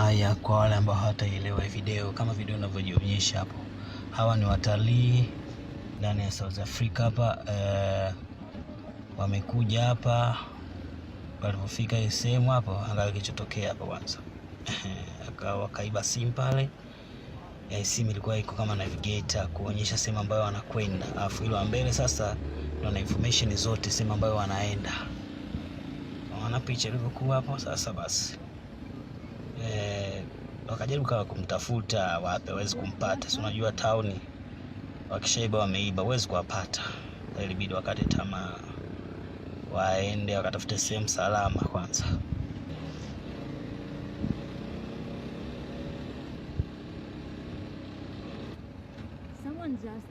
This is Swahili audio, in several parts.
Haya, kwa wale ambao hawataelewa video, kama video inavyojionyesha hapo, hawa ni watalii ndani ya South Africa hapa uh, wamekuja hapa, walipofika hii sehemu hapo, angalia kilichotokea hapo kwanza. Wakaiba simu pale, eh, simu ilikuwa iko kama navigator kuonyesha sehemu ambayo wanakwenda, alafu hilo mbele sasa ndio na information zote sehemu ambayo wanaenda, wana picha ilivyokuwa hapo. Sasa basi wakajaribu kawa kumtafuta wape, hawezi kumpata. Si unajua tauni wakishaiba wameiba, huwezi kuwapata. Ilibidi wakate tamaa, waende wakatafute sehemu salama kwanza. Someone just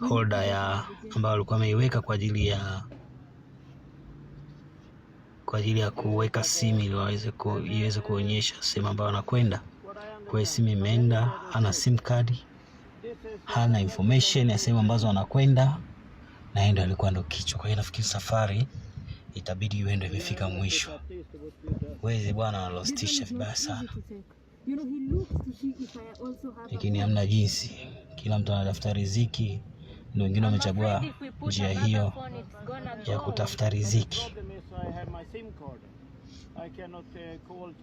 holder ya ambayo alikuwa ameiweka kwa ajili ya kwa ajili ya kuweka simu ili waweze ku, iweze kuonyesha sehemu ambayo anakwenda. Kwa hiyo simu imeenda, hana sim card, hana information ya sehemu ambazo anakwenda, na yeye ndo alikuwa ndo kichwa. Kwa hiyo nafikiri safari itabidi iwe ndo imefika mwisho. Wezi bwana analostisha vibaya sana, lakini hamna jinsi, kila mtu anatafuta riziki na wengine wamechagua njia hiyo ya kutafuta riziki. Uh,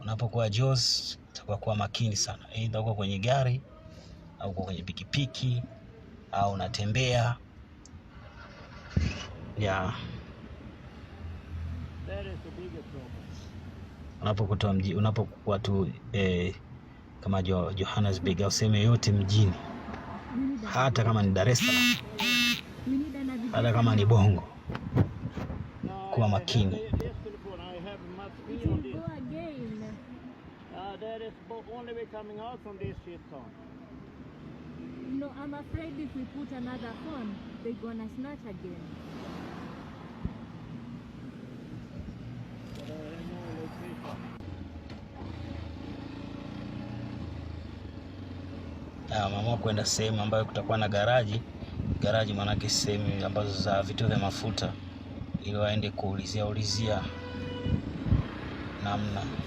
unapokuwa Jos, utakuwa kuwa makini sana, aidha uko kwenye gari au uko kwenye pikipiki au unatembea ya unapokuwa tu eh, kama Johannesburg au sehemu yoyote mjini hata kama ni Dar es Salaam, hata kama ni Bongo, kuwa makini. No, I'm afraid if we put another phone, they're gonna snatch again. Ah, ameamua kwenda sehemu ambayo kutakuwa na garaji. Garaji maanake sehemu ambazo za vituo vya mafuta, ili waende kuulizia ulizia namna